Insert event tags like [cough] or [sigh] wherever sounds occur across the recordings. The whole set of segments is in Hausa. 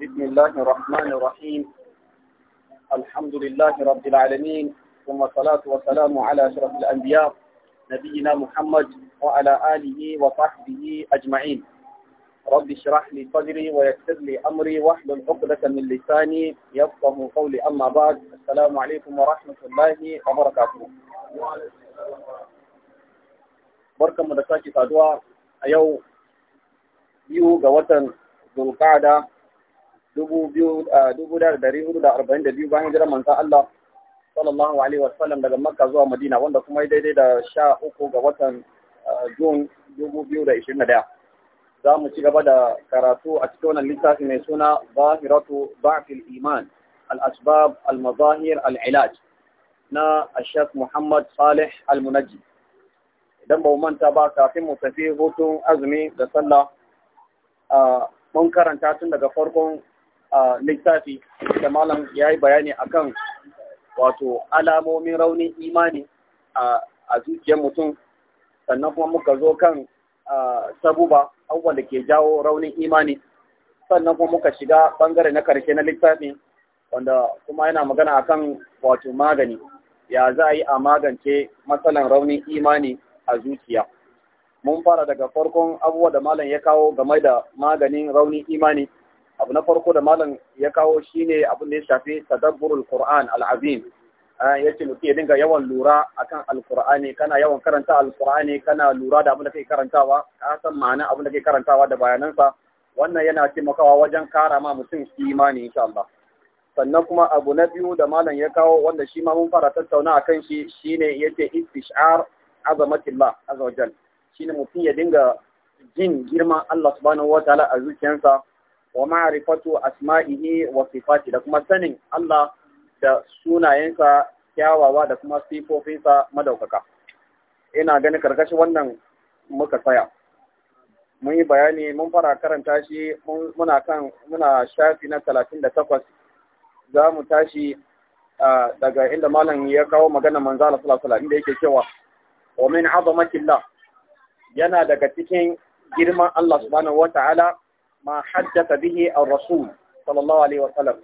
بسم الله الرحمن الرحيم الحمد لله رب العالمين ثم الصلاة والسلام على أشرف الأنبياء نبينا محمد وعلى آله وصحبه أجمعين رب اشرح لي صدري ويسر لي أمري واحلل عقدة من لساني يفقه قولي أما بعد السلام عليكم ورحمة الله وبركاته barkanmu الله sake saduwa a yau biyu ga zulqa'ada dubu biyu dubu da dari hudu da arba'in da biyu bayan jiran manzan Allah sallallahu alaihi wasallam daga Makka zuwa Madina wanda kuma ya daidai da sha uku ga watan Jun dubu biyu da ishirin da ɗaya. Za mu ci gaba da karatu a cikin wannan littafi mai suna Zahiratu Ba'fil Iman Al-Asbab Al-Mazahir Al-Ilaj na Ashaf Muhammad Salih al munaji Idan ba manta ba kafin mu tafi hutun azumi da sallah mun karanta tun daga farkon littafi da malam ya yi bayani akan wato alamomin raunin imani a zuciyar mutum sannan kuma muka zo kan sabuba abubuwan da ke jawo raunin imani sannan kuma muka shiga bangare na karshe na littafi wanda kuma yana magana akan wato magani ya za a yi a magance matsalan raunin imani a zuciya mun fara daga farkon abubuwa da malam ya kawo game da maganin raunin imani abu na farko da malam ya kawo shine abin da ya shafi tadabburul qur'an al'azim ah, ya ce mutum ya dinga yawan lura akan alkur'ani kana yawan karanta alkur'ani kana lura da abin da kai karantawa ka san ma'ana abin da kai karantawa da bayanansa wannan yana taimakawa wajen kara ma mutum imani insha Allah sannan kuma abu na biyu da malam ya kawo wanda shi ma mun fara tattauna akan shi shine yace istishar azamatillah azza wajalla ne mutum ya dinga jin girman Allah subhanahu wa ta'ala a zuciyarsa wa ma'rifatu asma'ihi wa sifati da kuma sanin Allah da sunayensa kyawawa da kuma sifofinsa madaukaka ina ganin karkashin wannan muka tsaya mun yi bayani mun fara karanta shi muna kan muna shafi na 38 za mu tashi daga inda malam ya kawo magana manzo Allah sallallahu alaihi wasallam inda yake cewa wa min makilla? yana daga cikin girman Allah subhanahu wata'ala ma haddata bihi ar-rasul sallallahu alaihi wa sallam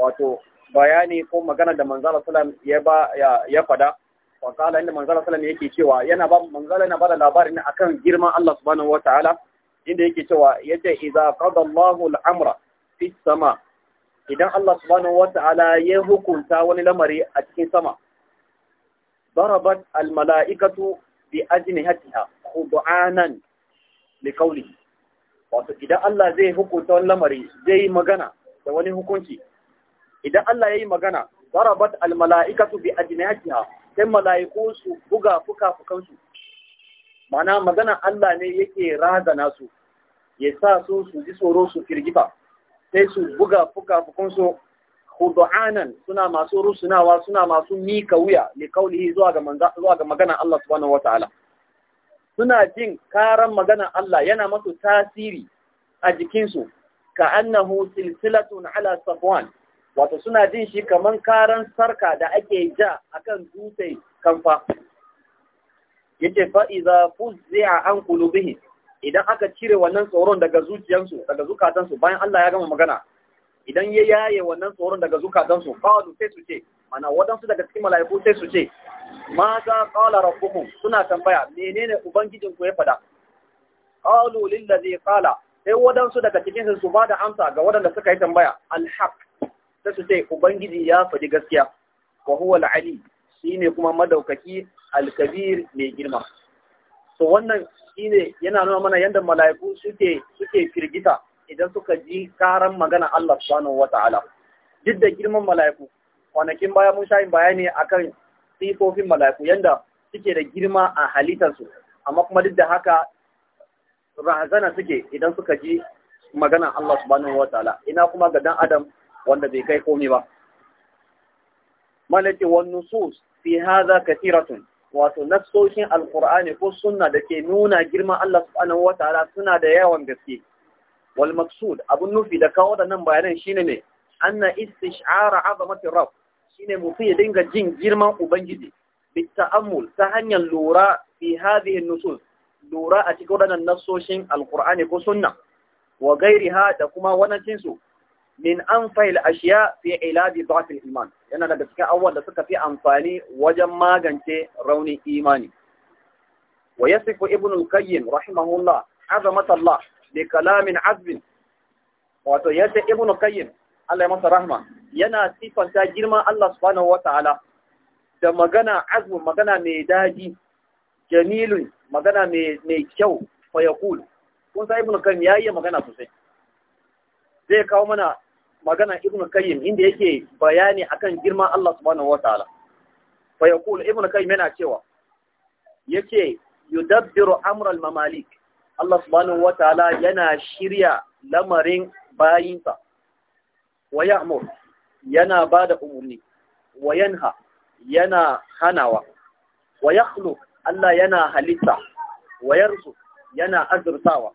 wato bayani ko magana da manzala sallam ya ba ya fada wa kala inda manzala sallam yake cewa yana ba manzala na bada da labarin akan girman Allah subhanahu wata'ala inda yake cewa yace idza qada Allahu al-amra fi sama idan Allah subhanahu wata'ala ya hukunta wani lamari a cikin sama darabat al-mala'ikatu bi ajnihatiha qud'anan li qawlihi wato idan Allah zai hukunta wani lamari zai yi magana da wani hukunci idan Allah ya yi magana darabat al mala'ikatu bi ajnatiha sai mala'iku su buga fuka-fukansu mana magana Allah ne yake razana su ya sa su su ji tsoro su firgita sai su buga fuka-fukansu hudu'anan suna masu rusunawa suna masu mika wuya li kaulihi zuwa ga magana Allah subhanahu wataala suna jin karan magana Allah yana masu tasiri a jikinsu ka annahu silsilatun ala safwan wato suna jin shi kaman karan sarka da ake ja akan dutse kamfa yace fa iza fuzzi'a an qulubihi idan aka cire wannan tsoron daga zuciyansu daga zukatansu bayan Allah ya gama magana idan ya yaye wannan tsoron daga zukatansu qalu sai su ce mana wadansu daga cikin mala'iku sai su ce ma za rabbukum suna tambaya menene ubangijin ku ya fada qalu lil ladzi qala sai wadansu daga cikin su ba da amsa ga wadanda suka yi tambaya al haq sai su ce ubangiji ya fadi gaskiya wa huwa al ali shine kuma madaukaki al kabir mai girma to wannan shine yana nuna mana yanda mala'iku suke suke firgita idan suka ji karan magana Allah subhanahu wata'ala duk da girman mala'iku kwanakin baya mun sha bayani akan sifofin mala'iku yanda suke da girma a halittarsu amma kuma duk da haka rahazana suke idan suka ji maganan Allah subhanahu wa ina kuma ga dan adam wanda bai kai komai ba malaki wan nusus fi hadha kathiratun wato nasoshin alqur'ani ko sunna da ke nuna girma Allah subhanahu wa suna da yawan gaske wal maqsud abun nufi da kawo da nan bayanan shine ne anna istish'ara azamatir rabb shine mutum ya dinga jin girman ubangiji bitta'ammul ta hanyar lura fi hadhihi nusus lura a cikin wadannan nassoshin alkur'ani ko sunna wa gairiha da kuma wanancin su min anfa'il ashiya fi ilaji dha'f iman yana daga cikin abubuwan da suka fi amfani wajen magance raunin imani wa yasifu ibn al-qayyim rahimahullah azamat bi kalamin azbin wato yace ibn qayyim Allah ya masa rahma yana sifanta girman Allah subhanahu wata'ala da magana azmu magana mai daji jamilun magana mai kyau fa yaqul kun sai ibn kayyim yayi magana sosai zai kawo mana magana ibnu kayyim inda yake bayani akan girman Allah subhanahu wata'ala fa yaqul ibnu kayyim yana cewa yace yudabbiru al mamalik Allah subhanahu wata'ala yana shirya lamarin bayinsa wa ya'mur yana bada umurni wa yanha yana hanawa wa yakhluq Allah yana halitta wa yarzuq yana azurtawa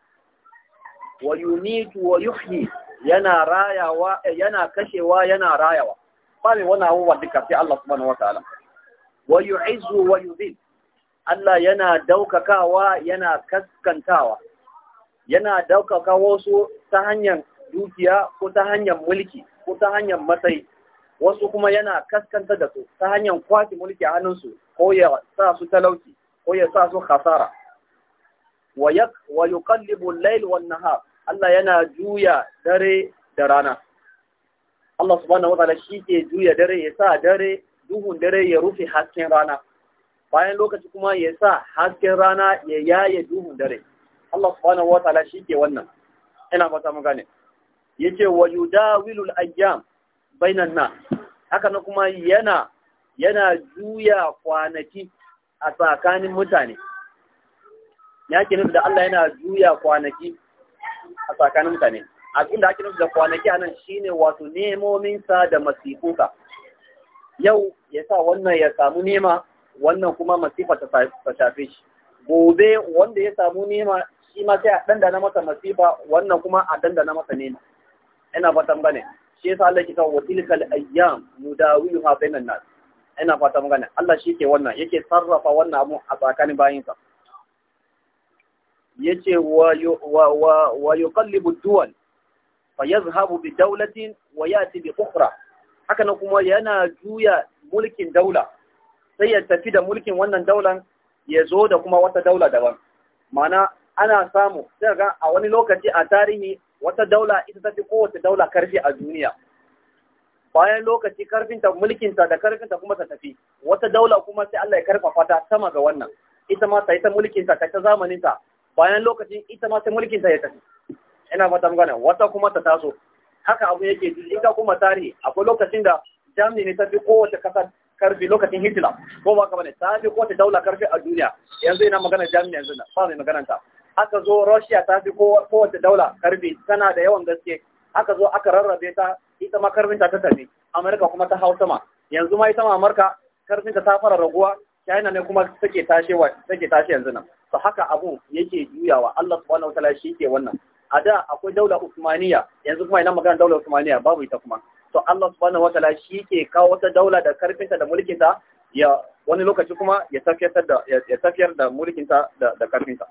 wa yunitu wa yuhyi yana rayawa eh, yana kashewa yana rayawa bani wani abubuwan duka sai Allah subhanahu wataala wa yu'izzu wa yuzil Allah yana daukakawa yana kaskantawa yana daukaka wasu ta hanyar dukiya ko ta hanyar mulki ko ta hanyar matsayi wasu kuma yana kaskanta da su ta hanyar kwace mulki a hannunsu ko ya sa su talauci ko ya sa su khasara wa yuqallibu al-layl wan nahar Allah yana juya dare da rana Allah subhanahu wataala shi ke juya dare ya sa dare duhun dare ya rufe hasken rana bayan lokaci kuma ya sa hasken rana ya yaye duhun dare Allah subhanahu wataala shi ke wannan ina fata mun gane yake wa yudawilul ayyam bainan nas haka na kuma yana yana juya kwanaki a tsakanin mutane ya ke da Allah yana juya kwanaki a tsakanin mutane da ake nufi da kwanaki anan shine wato nemominsa da masifuka. yau ya sa wannan ya samu nema wannan kuma masifa ta shafe shi gobe wanda ya samu nema shi ma sai a dandana masa masifa wannan kuma a dandana masa nema ina fatan bane shi yasa Allah ke kawo watilkal ayyam mudawiha bainan nas ina fatan bane Allah shi ke wannan yake sarrafa wannan abu a tsakanin bayinsa yace wa wa wa yuqallibu duwal yadhhabu bi dawlatin wa yati bi ukhra haka nan kuma yana juya mulkin daula sai ya tafi da mulkin wannan daulan ya zo da kuma wata daula daban mana ana samu sai ga a wani lokaci a tarihi wata daula ita ta fi kowace daula karfi a duniya bayan lokaci karfinta mulkinta da karfinta kuma ta tafi wata daula kuma sai Allah ya karfafa ta sama ga wannan ita ma sai ta mulkinta ta ta zamaninta bayan lokacin ita ma sai mulkinta ya tafi ina fata magana wata kuma ta taso haka abu yake ita kuma tarihi akwai lokacin da Germany ne ta fi kowace kasa karfi lokacin Hitler ko ba ka bane ta fi kowace daula karfi a duniya yanzu ina magana Germany yanzu na ba mai magana ta aka zo Russia ta fi kowace daula karbi tana da yawan gaske aka zo aka rarrabe ta ita ma karbinta ta tafi Amurka kuma ta hau sama yanzu ma ita ma Amurka karbinta ta fara raguwa China ne kuma take wa take tashe yanzu nan to haka abu yake juyawa Allah subhanahu wataala shi ke wannan a da akwai daula Usmaniya yanzu kuma ina magana daula Usmaniya babu ita kuma to Allah subhanahu wataala shi ke kawo wata daula da karfinta da mulkinta ya wani lokaci kuma ya tafiyar da ya tafiyar da mulkinta da karfinta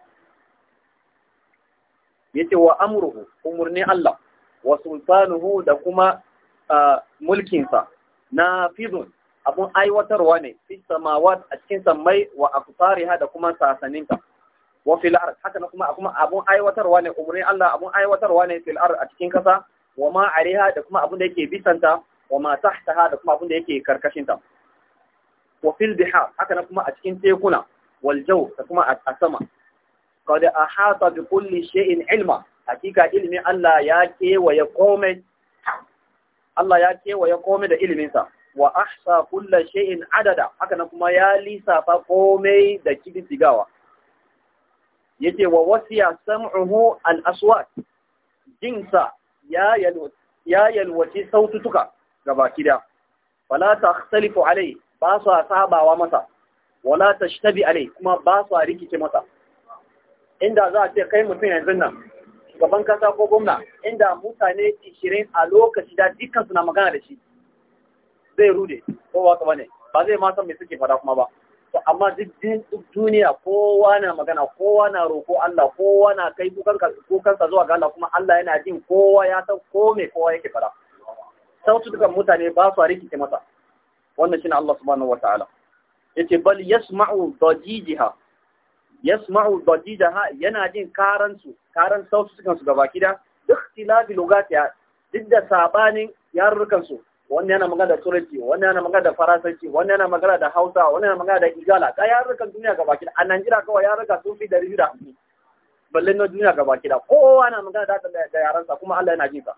yace wa amruhu umarni Allah wa sultanuhu da kuma mulkinsa nafidun abun aiwatarwa ne fi samawat a cikin sammai wa aqtariha da kuma sasaninta wa fil ard haka kuma kuma abun aiwatarwa ne umarni Allah abun aiwatarwa ne fil ard a cikin kasa wa ma ariha da kuma abun da yake bisanta wa ma tahtaha da kuma abun da yake karkashinta wa fil bihar haka kuma a cikin tekuna wal jau da kuma a sama qad ahata bi kulli in ilma hakika ilmi Allah ya kewaye komai da iliminsa wa ahsa kulla in adada haka na kuma ya lisafa komai da Ya ce wa wasiya sam'uhu al-aswat jinsa ya yalwa ya yalwaci sautuka gabaki da wala salifu alai ba su sabawa masa wala tashtabi alai kuma ba su rikice masa inda za a ce kai mutum yanzu nan gaban kasa ko gwamna inda mutane 20 a lokaci da dukkan suna magana da shi zai rude kowa ka bane ba zai ma san me suke fada kuma ba to amma duk duniya kowa na magana kowa na roko Allah kowa na kai kukansa zuwa ga Allah kuma Allah yana jin kowa ya san ko me kowa yake fada sautu dukan mutane ba su rikice masa wannan shine Allah subhanahu wataala yace bal yasma'u dajijiha yasma'u ha yana jin karan su karan sautu sukan su gabaki da ikhtilafi lugati duk da sabanin yarurrukan su wannan yana magana da turanci wannan yana magana da faransanci wannan yana magana da hausa wannan yana magana da igala ga yarurrukan duniya gabaki da a Najeriya kawai yarurruka sun fi dari da hamsin balle na duniya gabaki da kowa na magana da da yaransa kuma Allah yana jin ka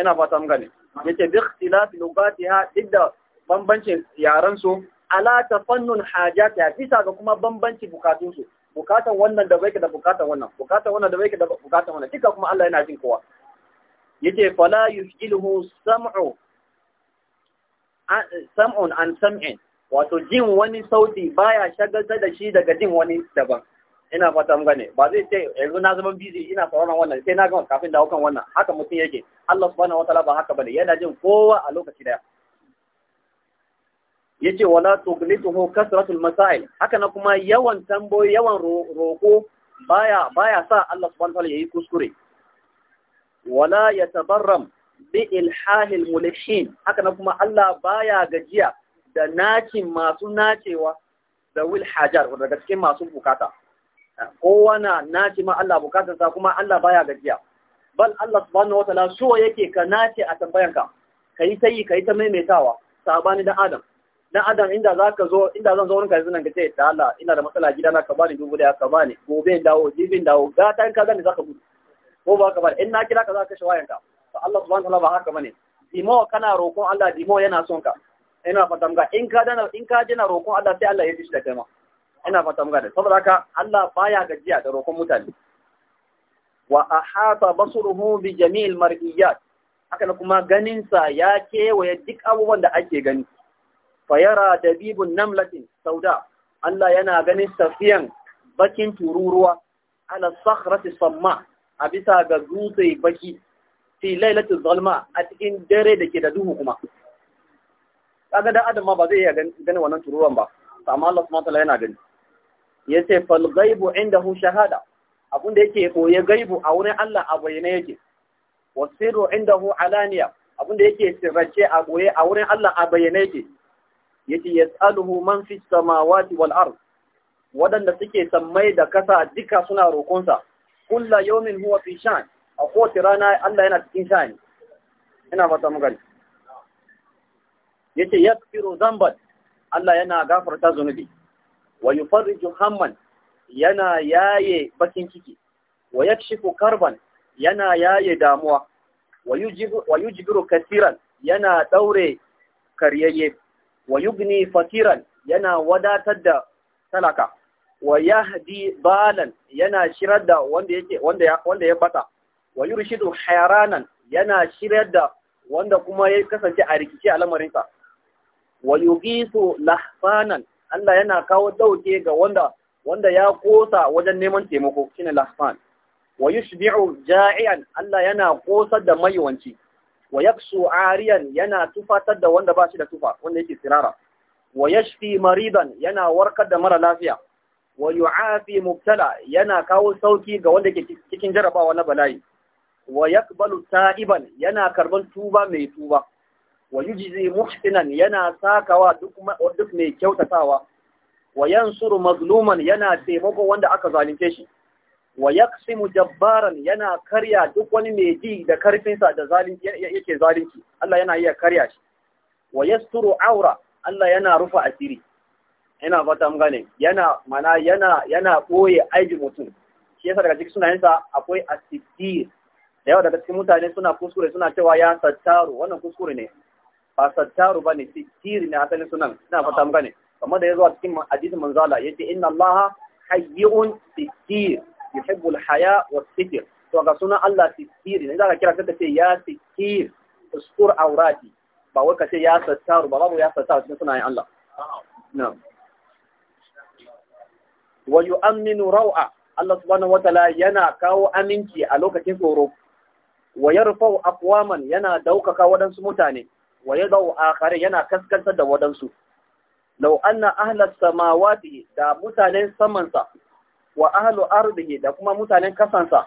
ina fata mun gane yace bi ikhtilafi lugatiha duk da bambancin yaran su ala ta fannun hajata bisa ga kuma bambanci bukatun su bukatan wannan da bai da bukatan wannan bukatan wannan da bai da bukatan wannan kika kuma Allah yana jin kowa yace fala yufiluhu sam'u sam'un an sam'in wato jin wani sauti baya shagalta da shi daga jin wani daban ina fata mun gane ba zai ce yanzu na zama busy ina sauraron wannan sai na ga kafin da hukan wannan haka mutum yake Allah subhanahu wataala ba haka bane yana jin kowa a lokaci daya yace wala tughlituhu kasratul masail haka na kuma yawan tamboyi yawan roko baya baya sa Allah subhanahu wa ta'ala yayi kuskure wala yatabarram bi ilhahil mulhin haka na kuma Allah baya gajiya da nakin masu nacewa da wil hajar daga cikin masu bukata kowa na naci ma Allah bukatarsa kuma Allah baya gajiya bal Allah subhanahu wa ta'ala so yake ka nace a tambayanka kai sai kai ta maimaitawa sabani da Adam dan adam inda zaka zo inda zan zo wurin ka nan ka ce da Allah ina da matsala gida na ka bani dubu da ka bani gobe dawo jibin dawo ga ta in ka gani zaka gudu ko ba ka bani in na kira ka zaka kashe wayanka to Allah subhanahu wa ta'ala ba haka bane dimo kana roƙon Allah dimo yana son ka ina fata ga in ka dana in ka jina roƙon Allah sai Allah ya shi da kai ma ina fata ga da saboda haka Allah baya gajiya da roƙon mutane wa ahata basruhu bi jami'il mar'iyat haka kuma ganin sa ya kewaye duk abubuwan da ake gani fayara da latin, namlatin sauda Allah yana ganin tafiyan bakin tururuwa ala sakhrati samma a bisa ga dutse baki fi lailatu zalma a cikin dare da ke da duhu kuma kaga da adam ma ba zai iya ganin wannan tururuwan ba amma Allah kuma ta yana gani yace fal ghaibu indahu shahada abun da yake koye gaibu a wurin Allah a bayyane yake wasiru indahu alaniya abun da yake sirrace a koye a wurin Allah a bayyane yake yace yas'aluhu man fi samawati wal ard wadanda suke sammai da kasa duka suna roƙonsa kulla yawmin huwa fi shan a kowace rana Allah yana cikin shan ina fata mu yace yaghfiru zambat Allah yana gafarta zunubi wa yufarriju hamman yana yaye bakin ciki wa yakshifu karban yana yaye damuwa wa yujibiru kasiran yana daure karyayye wa yugni fakiran yana wadatar da talaka wa yahdi balan yana shirar da wanda yake wanda ya wanda ya bata wa yurshidu hayranan yana shirar da wanda kuma ya kasance a rikice a lamarinsa wa yugisu lahfanan Allah yana kawo dauke ga wanda wanda ya kosa wajen neman taimako shine lahfan wa yushbi'u ja'ian Allah yana kosar da mayuwanci. wa yaksu ariyan yana tufatar da wanda ba shi da tufa wanda yake sirara wa yashfi maridan yana warkar da mara lafiya wa yu'afi mubtala yana kawo sauki ga wanda yake cikin jarabawa na bala'i wa yaqbalu ta'iban yana karban tuba mai tuba wa yujzi muhsinan yana sakawa duk duk mai kyautatawa wa yansuru mazluman yana taimako wanda aka zalunce shi wa yaqsimu jabbaran yana karya duk wani mai ji da sa da zalunci yake zalunci Allah yana iya karya shi wa yasturu aura Allah yana rufa asiri yana fata mun gane yana mana yana yana boye aibi mutum shi yasa daga cikin sunayensa akwai asittir da yawa daga cikin mutane suna kuskure suna cewa ya sattaru wannan kuskure ne ba sattaru bane sittir ne asalin sunan ina fata mun gane kamar da ya zo a cikin hadisin manzala yace inna allaha hayyun sittir yuhibbul haya wa sikir to ga sunan Allah sikir ne zaka kira kanka ce ya sikir uskur aurati ba wai ya sattaru ba babu ya sattaru cikin sunayen Allah na'am wa yu'minu raw'a Allah subhanahu wataala yana kawo aminci a lokacin tsoro wa yarfa'u aqwaman yana ɗaukaka wadansu mutane wa yadau akhari yana kaskantar da wadansu law anna ahla samawati da mutanen samansa wa ahlu ardihi da kuma mutanen kasansa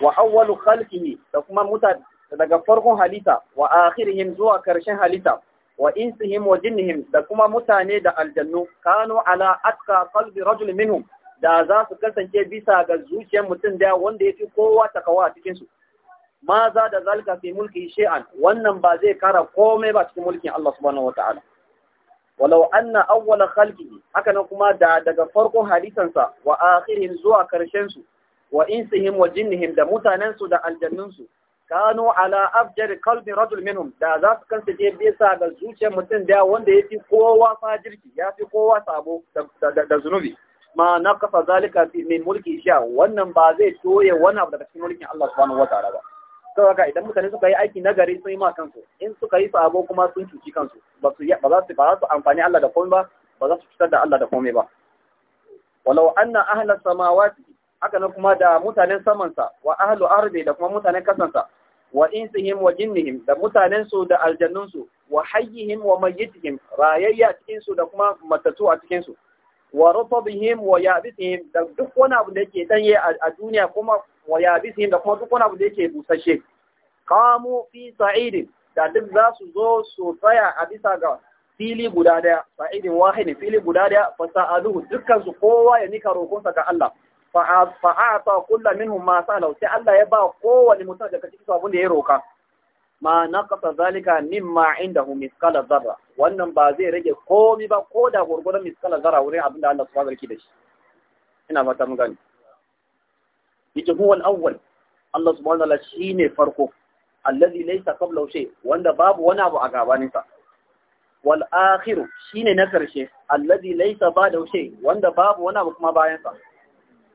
wa awwalu khalqihi da kuma mutane daga farkon halitta wa akhirihim zuwa karshen halitta wa insihim wa jinnihim da kuma mutane da aljannu kanu ala atka qalbi rajul minhum da za su kasance bisa ga zuciyar mutum da wanda yafi kowa takawa a cikin su ma za da zalika fi mulki shay'an wannan ba zai kara komai ba cikin mulkin Allah subhanahu ta'ala walau anna awwala khalqihi haka nan kuma da daga farkon halittansa wa akhirihim zuwa karshen su wa insihim wa jinnihim da mutanen su da aljannun su kanu ala afjar qalbi rajul minhum da za su kansu je sa ga zuciyar mutum da wanda ya fi kowa fajirki ya fi kowa sabo da zunubi ma naqasa zalika min mulki sha wannan ba zai toye wani abu daga cikin mulkin Allah subhanahu wataala ba saboda idan mutane suka yi aiki nagari sun yi ma kansu in suka yi sabo kuma sun cuci kansu ba su ba za su amfani Allah da komai ba ba za su cutar da Allah da komai ba walau anna ahlas samawati haka nan kuma da mutanen samansa wa ahlu ardi da kuma mutanen kasansa wa insihim wa jinnihim da mutanen su da aljannun su wa hayyihim wa mayyitihim rayayya cikin su da kuma matatu a cikin su wa rutubihim wa yabithihim da duk wani abu da yake danye a duniya kuma wa yabisihim da kuma duk wani abu da yake busashe qamu fi sa'idin da duk za su zo su tsaya a bisa ga fili guda daya sa'idin wahidin fili guda daya fa sa'aluhu dukkan su kowa ya nika roƙonsa ga Allah a'ta kulla minhum ma sa'alu sai Allah ya ba kowane mutum daga cikin abin da ya roka ma naqata zalika mimma indahu miskala dharra wannan ba zai rage komi ba ko da gurgurdan misqala wurin abin da Allah subhanahu wa ta'ala yake da shi ina fata mun gani yace huwal awwal Allah subhanahu wa ta'ala shine farko allazi laysa qablahu shay wanda babu wani abu a gabanin sa wal akhir shine na karshe allazi laysa ba'dahu shay wanda babu wani abu kuma bayan sa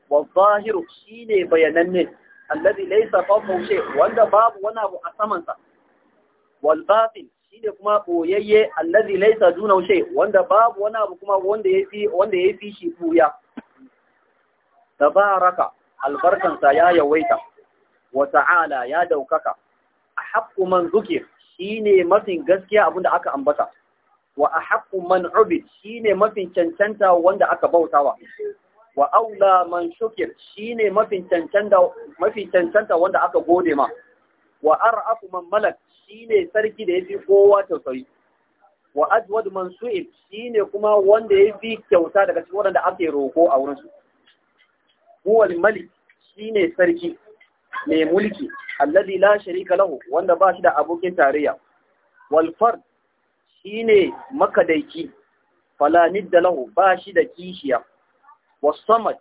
wal zahir shine bayananne allazi laysa fawqahu shay wanda babu wani abu a saman sa wal batin shine kuma boyayye allazi laysa dunahu shay wanda babu wani abu kuma wanda yafi wanda yafi shi buya tabaraka albarkansa ya yawaita wa ta'ala ya daukaka a haƙƙu man zukir ne mafin gaskiya abinda aka ambata wa a haƙƙu man shi ne mafin cancanta wanda aka bautawa wa aula man shukir shi ne mafin cancanta wanda aka gode ma wa ar'afu man malak shi ne sarki da ya fi kowa tausayi wa ajwad man su'ib ne kuma wanda ya fi kyauta daga cikin waɗanda ake roko a wurinsu. huwal malik shine sarki mai mulki alladhi la sharika lahu wanda ba shi da abokin tarayya wal fard shine makadaiki fala nidda lahu ba shi da kishiya was samad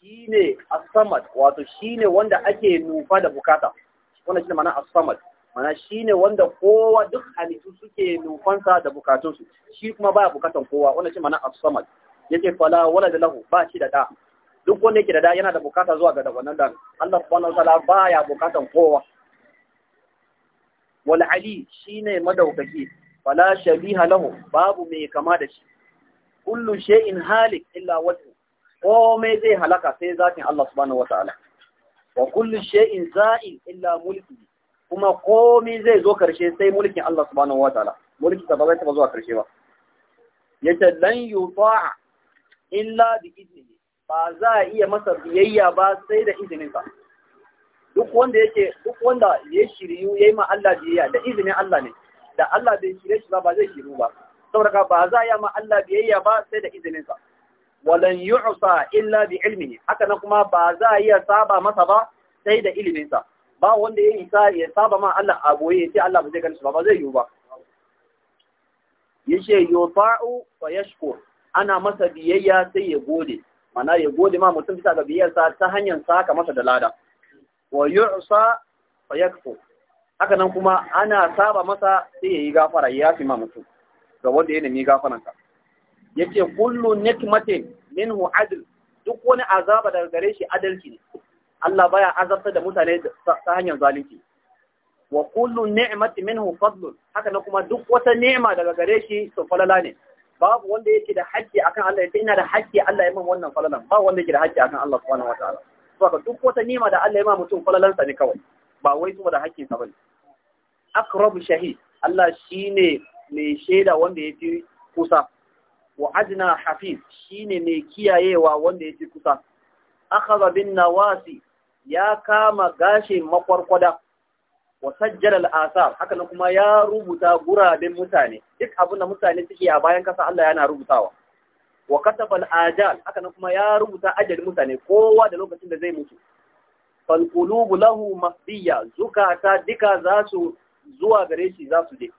shine as-samad wato shine wanda ake nufa da bukata wannan shine ma'ana as-samad mana shine wanda kowa duk halittu suke nufansa da bukatunsu shi kuma baya bukatan kowa wannan shine ma'ana as-samad yake fala wala da lahu ba shi da da duk wanda yake da da yana da bukata zuwa ga wannan dan Allah subhanahu wataala baya bukatan kowa wal ali shine madaukaki wala shabiha lahu babu mai kama da shi kullu shay'in halik illa wajhu komai zai halaka sai zatin Allah subhanahu wataala wa kullu shay'in za'il illa mulki kuma komai zai zo karshe sai mulkin Allah subhanahu wataala mulki ta bazai zai zo zuwa karshe ba yace lan yuta illa bi idnihi ba za a iya masa biyayya ba sai da izininsa duk wanda yake duk wanda ya shiryu ya yi ma Allah biyayya da izinin Allah ne da Allah bai shirye shi ba ba zai shiru ba saboda ba za a yi ma Allah biyayya ba sai da izininsa walan yu'sa illa bi ilmihi haka nan kuma ba za a iya saba masa ba sai da sa. ba wanda ya isa ya saba ma Allah a goye ya Allah ba zai gani ba ba zai yiwu ba yace yuta'u wa yashkur ana masa biyayya sai ya gode mana ya gode ma mutum bisa ga biyarsa ta hanyar saka masa da lada wa yu'sa fa yakfu haka nan kuma ana saba masa sai yayi gafara ya fi ma mutum ga wanda ya nemi gafaran ka yace kullu nikmatin minhu adl duk wani azaba daga gare shi adalci ne Allah baya azabta da mutane ta hanyar zalunci wa kullu ni'mati minhu fadl haka nan kuma duk wata ni'ima daga gare shi to falala ne babu wanda yake da haƙƙi akan Allah yace ina da haƙƙi Allah ya min wannan falalan ba wanda yake da haƙƙi akan Allah subhanahu wataala to ka duk wata nima da Allah ya ma mutum falalan sa ne kawai ba wai da haƙƙin sa bane aqrabu shahid Allah shine mai shaida wanda yafi kusa wa ajna hafiz shine mai kiyayewa wanda yafi kusa akhadha bin nawasi ya kama gashin makwarkwada wa sajjala al haka nan kuma ya rubuta guraben mutane duk abinda mutane suke a bayan kasa Allah yana rubutawa wa kataba ajal haka nan kuma ya rubuta ajalin mutane kowa da lokacin da zai mutu fal qulubu lahu mahdiya zukata dika za su zuwa gare shi za su je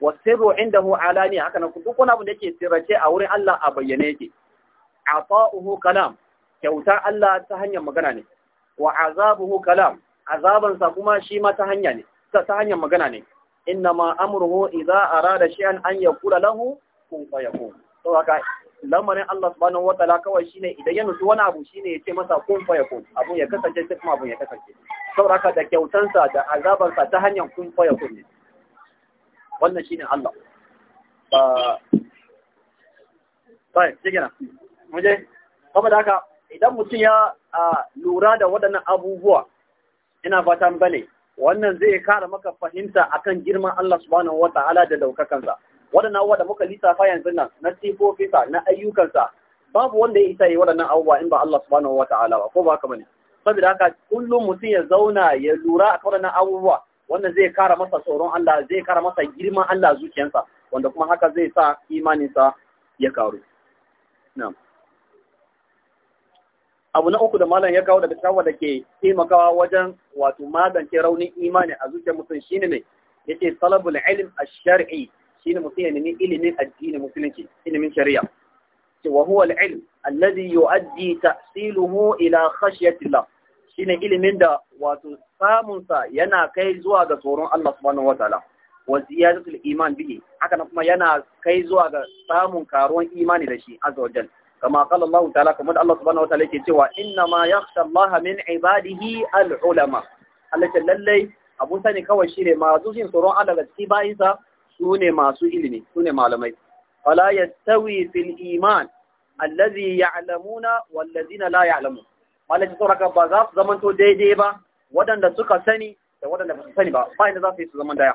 wa sirru indahu alaniya haka nan duk wani abu da yake sirrace a wurin Allah a bayyane yake afa'uhu kalam kyauta Allah ta hanyar magana ne wa azabuhu kalam azabansa kuma shi ma ta hanya ne ta hanyar magana ne inna ma amruhu idza arada shay'an an yaqula lahu kun fayakun to haka lamarin Allah subhanahu wataala kawai shine idan ya nufi wani abu shine ya ce masa kun fayakun abu ya kasance sai kuma abu ya kasance haka da kyautansa da azabansa ta hanyar kun fayakun ne wannan shine Allah ba sai shigena muje da haka idan mutum ya lura da waɗannan abubuwa ina fatan bane wannan zai kara maka fahimta akan girman Allah subhanahu ta'ala da daukakansa waɗannan abubuwa da muka lissafa yanzu nan na sifofinsa na ayyukansa babu wanda ya isa yi waɗannan abubuwa in ba Allah subhanahu ta'ala ba ko ba haka bane saboda haka kullum mutum ya zauna ya lura a waɗannan abubuwa wannan zai kara masa tsoron Allah zai kara masa girman Allah zuciyarsa wanda kuma haka zai sa imaninsa ya karu na'am abu na uku da malam ya kawo daga shawa da ke taimakawa wajen wato magance raunin imani a zuciyar mutum shine ne yace talabul ilm ash-shar'i shine mutum ya nemi ilimin addini musulunci ilimin shari'a ce wa huwa al-ilm alladhi yu'addi tahsiluhu ila khashyati Allah shine ilimin da wato samun sa yana kai zuwa ga tsoron Allah subhanahu wataala wa ziyadatul iman bihi haka kuma yana kai zuwa ga samun karuwan imani da shi azza wajalla kama qala Allah ta'ala kamar Allah subhanahu wataala yake cewa inna ma yakhsha Allah min ibadihi al-ulama Allah ce lalle abu sani kawai shine masu jin tsoron Allah ga cikin bayinsa sune masu ilimi sune malamai fala yastawi fil iman allazi ya'lamuna wal ladina la ya'lamun Allah ce sauraka ba za su zamanto daidai ba waɗanda suka sani da waɗanda ba su sani ba ba inda za su yi su zaman daya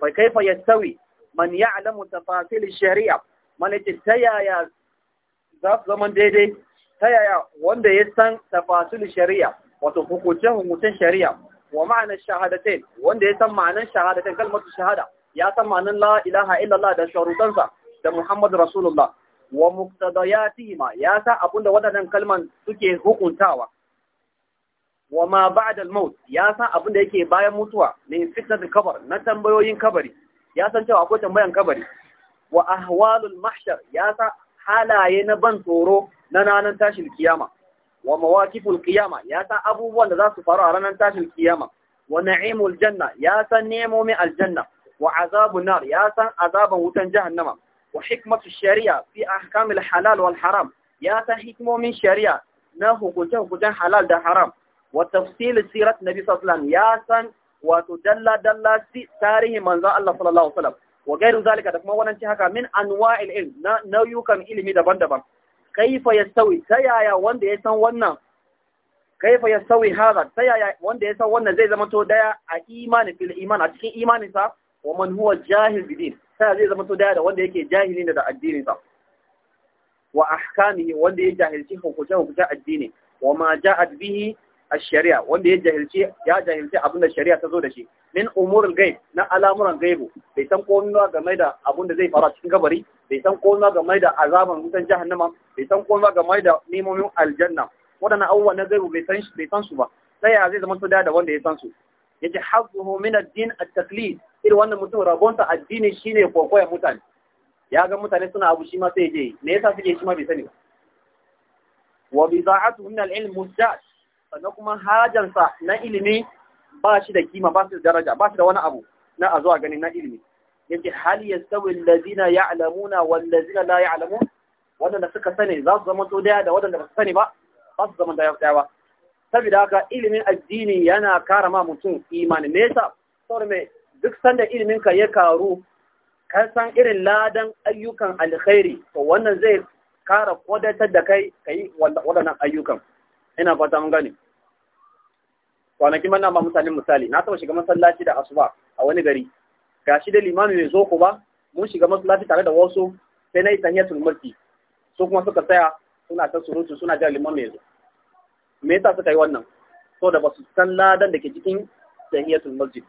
fa kaifa yastawi man ya'lamu tafasil shari'a man yace ta yaya za su daidai ta yaya wanda ya san tafasul shari'a wato hukuncin hukuncin shari'a wa ma'ana shahadatain wanda ya san ma'anar shahadatain kalmatu shahada ya san ma'anar la ilaha illallah da sharudansa da Muhammad Rasulullah wa muqtadayatihima ya san abinda wadannan kalman suke hukuntawa wa ma ba'da al-maut ya san abinda yake bayan mutuwa min fitnatul qabr na tambayoyin kabari ya san cewa akwai tambayan kabari wa ahwalul mahshar ya san halaye na ban tsoro na ranar tashin kiyama wa mawaqiful kiyama ya san abubuwan da za su faru a ranar tashin kiyama wa na'imul janna ya san nemomin aljanna wa azabun nar ya san azaban wutan jahannama wa hikmatu shari'a fi ahkamil halal wal haram ya san hikmomin shari'a na hukuncin hukuncin halal da haram wa tafsil sirat nabi sallallahu alaihi wasallam ya san wato dalla dalla tarihi manzo Allah sallallahu alaihi wasallam wa gairin zalika da kuma wanancin haka min anwa'il ilm na nauyukan ilimi daban-daban kaifa yastawi ta yaya wanda ya san wannan kaifa yastawi hada ta yaya wanda ya san wannan zai zama to daya a imani fil iman a cikin imanin sa wa man huwa jahil bidin ta zai zama to daya da wanda yake jahili ne da addinin sa wa ahkamihi wanda ya jahilci hukunce hukunce addini wa ma ja'at bihi ash-shari'a wanda ya jahilci ya jahilci abin da shari'a ta zo da shi min umurul gaib na alamuran gaibu bai san komai game da abin da zai faru cikin kabari bai san komai ba game da azaban wutan jahannama bai san komai ba game da nemomin aljanna wadannan abubuwa na gaibu bai san bai san su ba sai ya zai zama to da wanda ya san su yace hazzuhu min ad-din at-taqlid irin wannan mutum rabonta addini shine kokoyan mutane ya ga mutane suna abu shi ma sai ya je me yasa suke shi ma bai sani ba wa bida'atu min al-ilm musdad sannan kuma hajarsa na ilimi ba shi da kima ba shi da daraja ba shi da wani abu na a zuwa ganin na ilimi yake hal sauyi allazina ya alamuna ladzina la ya'lamun wadanda suka sani za su zama to daya da wadanda ba su sani ba ba su zama daya ba saboda haka ilimin addini yana kara ma mutum imani me yasa saboda me duk sanda ilimin ka ya karu ka san irin ladan ayyukan alkhairi to wannan zai kara kodatar da kai kai wadannan ayyukan ina fata mun gane kwanakin manna ma mutanen misali na taba shiga masallaci da asuba a wani gari gashi da limami mai zo ku ba mun shiga masallaci tare da wasu sai na yi tahiyatul mulki su kuma suka tsaya suna ta surutu suna jira limami mai zo me yasa suka yi wannan so da basu san ladan da ke cikin tahiyatul mulki,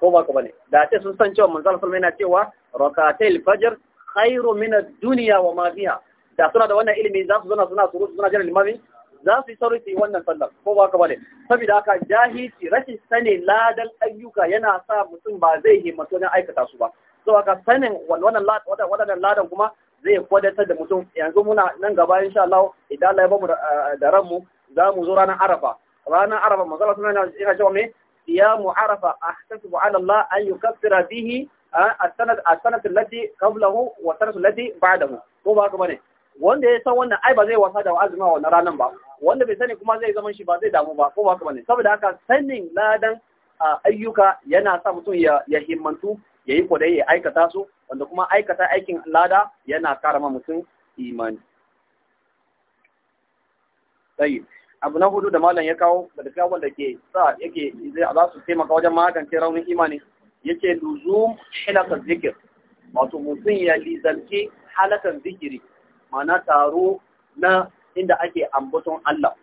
ko ba ka bane da ce sun san cewa manzon sallallahu yana cewa rakatul fajr khairu min ad-dunya wa ma fiha da suna da wannan ilimi za su zauna suna surutu suna jira limami za su yi sauri su yi wannan sallar ko ba ka bane saboda haka jahilci rashin sanin ladan ayyuka yana sa mutum ba zai himmatu na aikata su ba so haka sanin wannan ladan kuma zai kwadatar da mutum yanzu muna nan gaba insha Allah idan Allah ya bamu da eh, ranmu za mu zo ranar Arafa ranar Arafa manzo Allah sunan yana cewa me siyamu Arafa ahtasibu ala Allah an yukaffira bihi eh, as-sanat allati qablahu wa as-sanat allati ba'dahu ko ba haka bane wanda ya san wannan ai ba zai wasa da azuma wannan ranan ba wanda bai sani kuma zai zama shi ba zai damu ba ko ba haka bane saboda haka sanin ladan ayyuka yana sa mutum ya himmantu ya yi kodai ya aikata su wanda kuma aikata aikin lada yana kara mutum imani sai abu na hudu da malam ya kawo da duk wanda ke sa yake zai za su taimaka wajen magance raunin imani yake luzum halakar zikir wato mutum ya lizanci halakar zikiri ma'ana taro na inda ake ambaton Allah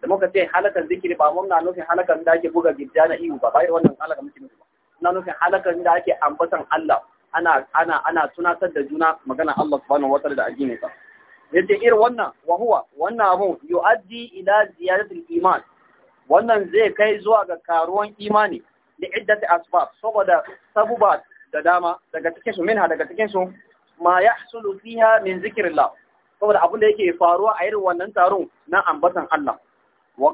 da muka ce halakar zikiri ba mun na nufin halakan da ake buga gidda na iyu ba bai wannan muke nufi ba na nufin halakan da ake ambaton Allah ana ana ana tunatar da juna magana Allah subhanahu wataala da addini sa yace irin wannan wa huwa wannan abu yu'addi ila ziyadatil iman wannan zai kai zuwa ga karuwan imani da iddati asbab saboda sabuba da dama daga cikin su minha daga cikin su ma yahsulu fiha min zikrillah saboda abin da yake faruwa a irin wannan taron na ambatan Allah wa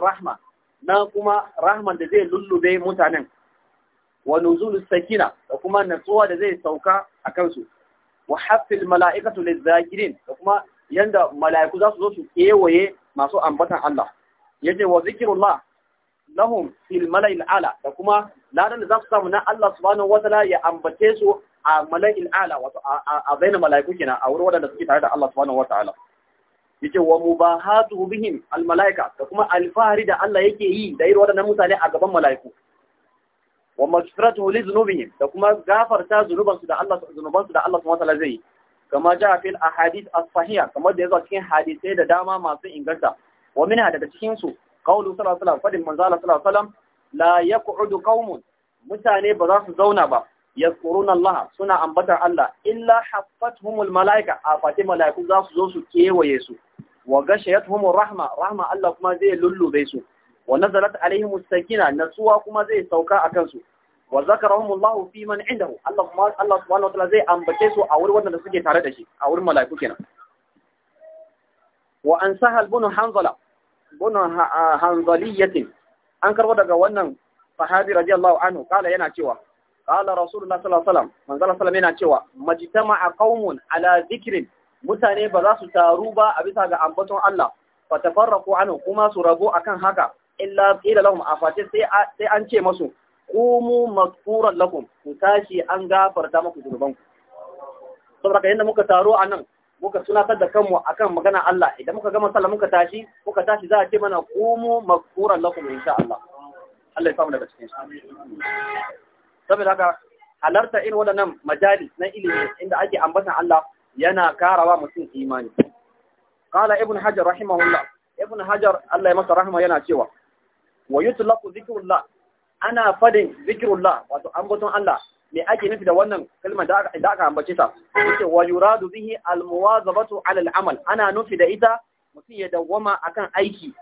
rahma na kuma rahman da zai lullube mutanen wa nuzulu sakina da kuma natsuwa da zai sauka a kansu wa haffil mala'ikatu lizakirin da kuma yanda mala'iku za su zo su kewaye masu ambatan Allah yace wa zikrullah lahum fil mala'il ala da kuma ladan da za su samu na Allah subhanahu wataala ya ambace su a mala'il ala wato a zaina mala'iku kenan a wurin wadanda suke tare da Allah subhanahu wataala yace wa mubahatu bihim al mala'ika da kuma alfahari da Allah yake yi da irin wadannan mutane a gaban mala'iku wa maghfiratuhu li dhunubihim da kuma gafarta zunubansu da Allah zunubansu da Allah subhanahu wataala zai kama ja fil ahadith as-sahiha kamar da yazo cikin hadisai da dama masu inganta wa minha daga cikin su qawlu sallallahu alaihi wasallam fadin manzo Allah sallallahu alaihi wasallam la yaq'udu qaumun mutane ba za su zauna ba yadhkuruna Allah suna ambatar Allah illa humul malaika a fati malaiku za su zo su kewaye su wa gashayatuhumur rahma rahma Allah kuma zai lullube su wa nazarat alaihimus sakina natsuwa kuma zai sauka a kansu, wa zakarahumullahu fi man indahu Allah kuma Allah subhanahu zai ambace su a wurin wanda suke tare da shi a wurin malaiku kenan wa an sahal bunu hanzala bunu hanzaliyatin an karbo daga wannan sahabi radiyallahu anhu kala yana cewa qala rasulullah sallallahu alaihi wasallam manzo sallallahu alaihi yana cewa majtama'a qaumun ala dhikrin mutane ba za su taru ba a bisa ga ambaton Allah fa tafarraqu anhu kuma su rago akan haka illa qila lahum afati sai sai an ce masu qumu maghfuran lakum ku tashi an gafarta muku zunubanku saboda kai inda muka taro anan muka tunatar da kanmu akan magana Allah idan muka gama sallah muka tashi muka tashi za a ce mana qumu maghfuran lakum insha Allah Allah ya samu daga cikin shi saboda haka halarta irin waɗannan majali na ilimi inda ake ambatan Allah yana karawa mutum imani qala ibn hajar rahimahullah ibn hajar Allah ya masa rahma yana cewa wa yutlaqu dhikrullah ana fadin zikrullah wato ambaton Allah me ake nufi da wannan kalmar da aka ambace ta yace wa yuradu bihi almuwazabatu alal amal ana nufi da ita mutum ya dawwama akan aiki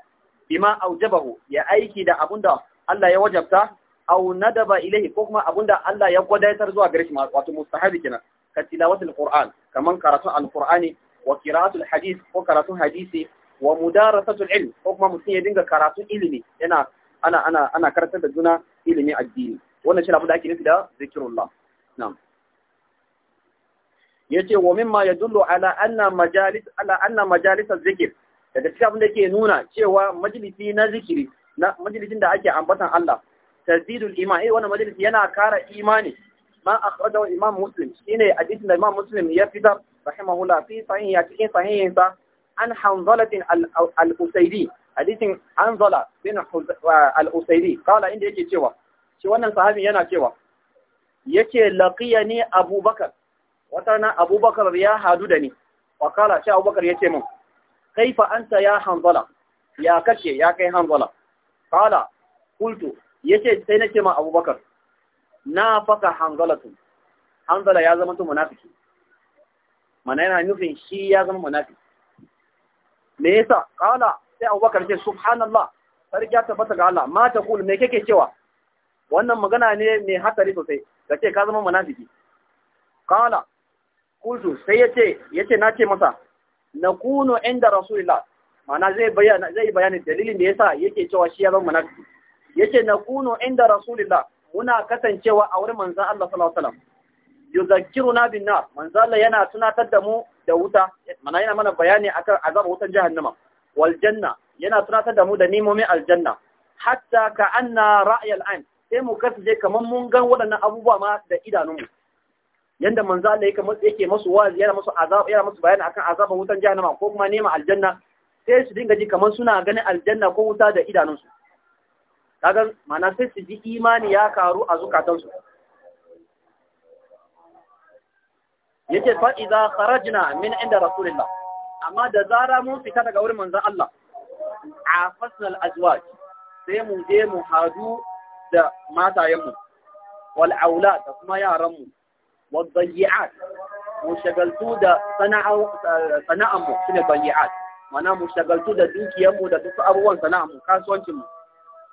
bima aujabahu ya aiki da abun da Allah ya wajabta aw nadaba ilayhi ko kuma abinda Allah ya gwadaitar zuwa gare shi wato mustahabi kenan ka tilawatul qur'an kaman karatu alqur'ani wa qira'atul hadith ko karatu hadisi wa mudarasatul ilm ko kuma mutum ya dinga karatu ilimi yana ana ana ana da juna ilimi addini wannan shi abu da ake nufi da zikrullah na'am yace wa mimma yadullu ala anna majalis ala anna majalis zikr daga cikin abin da yake nuna cewa majalisi na zikiri na majalisin da ake ambatan Allah tazidul iman eh wannan majalis yana kara imani ma akhrajahu imam muslim shine hadisin da imam muslim ya fitar rahimahullah fi sahih ya cikin sahihin sa an hanzalatin al-usaydi hadisin hanzala bin al-usaydi kala inda yake cewa shi wannan sahabi yana cewa yace laqiyani abubakar wata abubakar ya hadu wa kala shi abubakar yace min kaifa anta ya hanzala ya ya kai hanzala kala kultu. yace sai nake ma abubakar na faka hanzalatu hanzala ya zama to munafiki mana yana nufin shi ya zama munafiki me yasa kala sai abubakar ce subhanallah sarki ya tabbata ga Allah ma ta kul me kake cewa wannan magana ne mai hatsari sosai kace ka zama munafiki kala kultu sai yace yace na ce masa kuno inda rasulillah mana zai bayana zai bayani dalilin da yasa yake cewa shi ya zama munafiki yace nakunu inda rasulillah muna kasancewa a wurin manzon Allah sallallahu alaihi wasallam yuzakkiruna bin nar manzon Allah yana tunatar da mu da wuta mana yana mana bayani akan azab wutan jahannama wal janna yana tunatar da mu da nimomin aljanna hatta ka anna ra'yal ain sai mu kasance kaman mun gan waɗannan abubuwa ma da idanunmu yanda manzo Allah yake masu yake masu wazi yana masu azab yana masu bayani akan azaban wutan jahannama ko kuma nema aljanna sai su dinga ji kaman suna ganin aljanna ko wuta da idanunsu kaga mana sai su ji imani ya karu a zukatansu yake fa idza kharajna min inda rasulillah amma da zara mun fita daga wurin manzon Allah a fasnal azwaj sai mu je mu hadu da matayenmu wal aulad da kuma yaranmu wal dayi'at mu shagaltu da sana'a sana'anmu shine mana mu shagaltu da dukiyarmu da duk abubuwan kasuwancin mu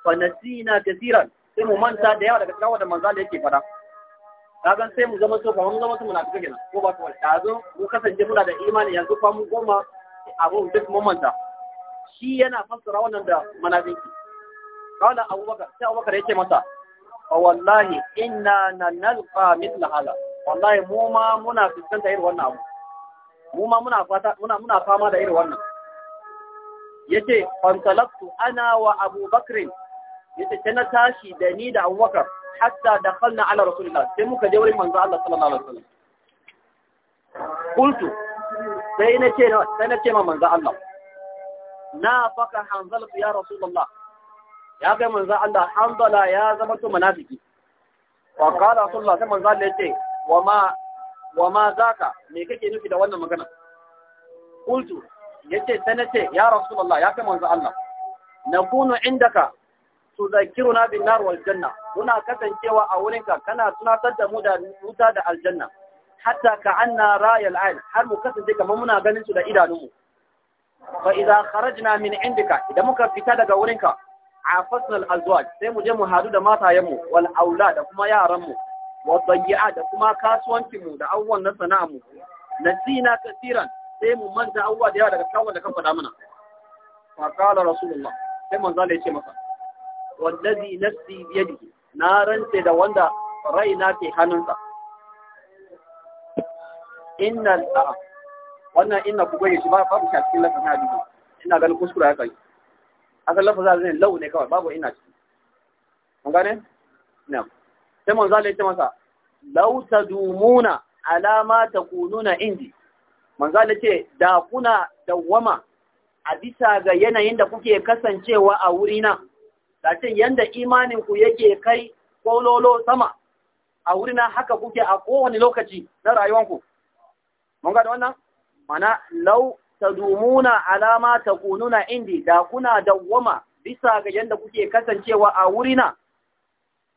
fanasina nasina sai mu manta da yawa daga cikin wanda manzo da yake fada kagan sai mu zama so fa mun zama su munafiki kenan ko ba su wani zo, mu kasance muna da imani yanzu fa mun goma abu duk mun manta shi yana fassara wannan da munafiki kawai abubakar sai abubakar yake masa wallahi inna nanalqa mithla hala. wallahi mu ma muna fuskanta irin wannan abu mu ma muna fata muna muna fama da irin wannan yace fantalaqtu ana wa abubakar yace ta na tashi da ni da Abubakar hatta dakhalna ala rasulillah sai muka je wurin manzo Allah sallallahu alaihi wasallam qultu sai na ce sai na ce ma manzo Allah na faka hanzal ya rasulullah ya kai manzo Allah hanzala ya zama to munafiki wa qala rasulullah sai manzo Allah yace wa ma wa ma zaka me kake nufi da wannan magana qultu yace sai na ce ya rasulullah ya kai manzo Allah Na kunu indaka tuzakiruna bin nar wal janna muna kasancewa a wurinka kana tunatar da mu da wuta da aljanna hatta ka anna ra'yal ayn har mu kasance kamar muna ganin su da idanunmu fa idza kharajna min indika idan muka fita daga wurinka afasna al azwaj sai mu je mu hadu da matayenmu wal aula da kuma yaranmu wa da kuma kasuwancinmu da awwan na sana'armu nasina kasiran sai mu manta awwa da yawa daga kawon da kan faɗa mana fa qala rasulullah sai manzo Allah ya ce masa wallazi nafsi biyadihi na rance da wanda raina ke hannunsa innal a'a wannan inna ku gani shi ba babu shi a cikin lafazin hadisi ina ganin kuskura haka yi akan lafazin zai lau ne kawai babu ina ciki mun gane na sai mun Allah ya ce masa law tadumuna ala ma takununa indi mun Allah ce da kuna dawwama a bisa ga yanayin da kuke kasancewa a wurina Latin yanda imaninku yake kai kololo sama a wurina haka kuke a kowane lokaci na rayuwanku. Mun ga da wannan? Mana lau tadumuna alama ta kununa indi da kuna dawwama bisa ga yadda kuke kasancewa a wurina.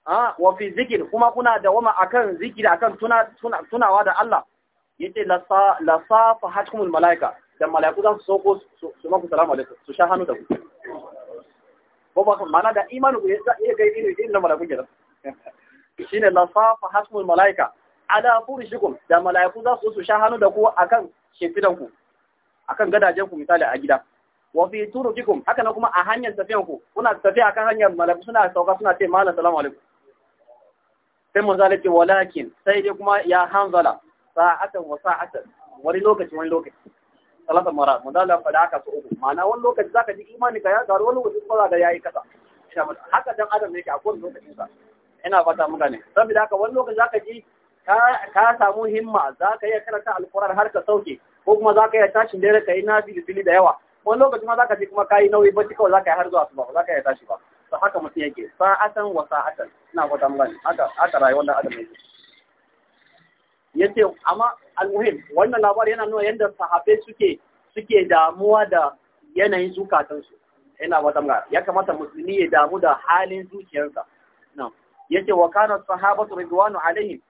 Ah, wa fi zikir kuma kuna dawwama akan zikiri akan tuna, tuna, tunawa da Allah. Yace la sa la sa malaika dan malaiku zan su soko su maku salamu alaikum su sha hannu da ku. ko ba mana da imanu ku yasa iya kai ilmi inda malaiku kenan [laughs] shine la safa hasmul malaika ala furishikum da malaiku za su su sha hannu da ku akan shefidan ku akan gadajen ku misali a gida wa fi turukikum haka nan kuma a hanyar tafiyan ku kuna tafiya akan hanyar malaiku suna sauka suna ce malam salamu alaikum sai manzo alaihi walakin sai dai kuma ya hanzala sa'atan wa sa'atan wani lokaci wani lokaci salata mara manzala faɗa aka su uku ma'ana wani lokaci zaka ji imani ka ya karu wani lokaci kuma zaka yayi kasa haka dan adam yake a kowane lokacin sa ina fata muka ne saboda haka wani lokaci zaka ji ka samu himma zaka iya karanta alquran har ka sauke ko kuma zaka iya tashin dare ka yi nafi fili da yawa wani lokaci ma zaka ji kuma kai nauyi bacci kawai zaka yi har zuwa asuba ba zaka iya tashi ba to haka mutum yake sa'atan wa sa'atan ina fata muka ne haka haka rayuwar da adam yake ce amma Al-muhim, wannan labari yana nuna yadda sahabbai suke suke damuwa da yanayin zukatansu ina wata ya kamata musulmi ya damu da halin zuciyarsa na'am yace wa kana sahabatu ridwanu alaihim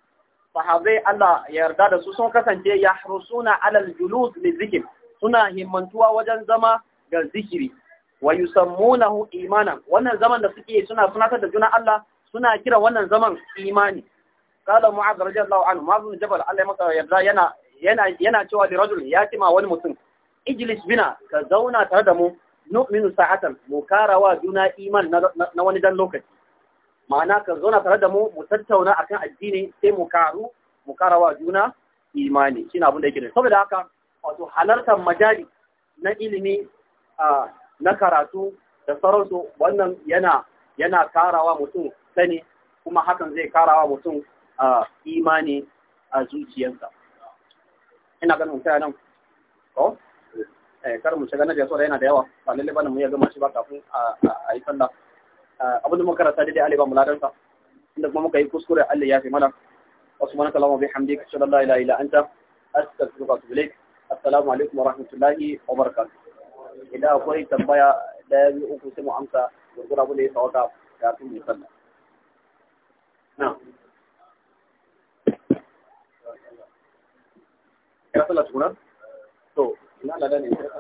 sahabai Allah yarda da su sun kasance ya suna alal julus zikir suna himmantuwa wajen zama ga zikiri wa yusammunahu imanan wannan zaman da suke suna sunatar da juna Allah suna kira wannan zaman imani qala mu'adh radiyallahu anhu mu'adh bin jabal Allah ya masa yarda yana yana yana cewa da rajul ya ci ma wani mutum ijlis bina ka zauna tare da mu nu'minu sa'atan mu karawa juna iman na wani dan lokaci ma'ana ka zauna tare da mu mu tattauna akan addini sai mu karu mu karawa juna imani shine abin da yake da saboda haka wato halartar majali na ilimi na karatu da sauransu wannan yana yana karawa mutum sani kuma hakan zai karawa mutum imani a zuciyarsa ina ganin mutane nan ko eh kar mu shiga na yana da yawa ba lalle bane mu ya gama shi ba kafin a yi sallah eh, abin da muka rasa daidai Allah mu inda kuma muka yi kuskure Allah ya fi mana wa subhanaka allahumma bihamdika ashhadu an la ilaha illa anta astaghfiruka wa assalamu alaikum wa rahmatullahi wa barakatuh idan akwai tambaya daya biyu uku sai mu amsa gurgura abin da ya sawaka kafin mu sallah na'am ya sallah tukuna to ina ladan ne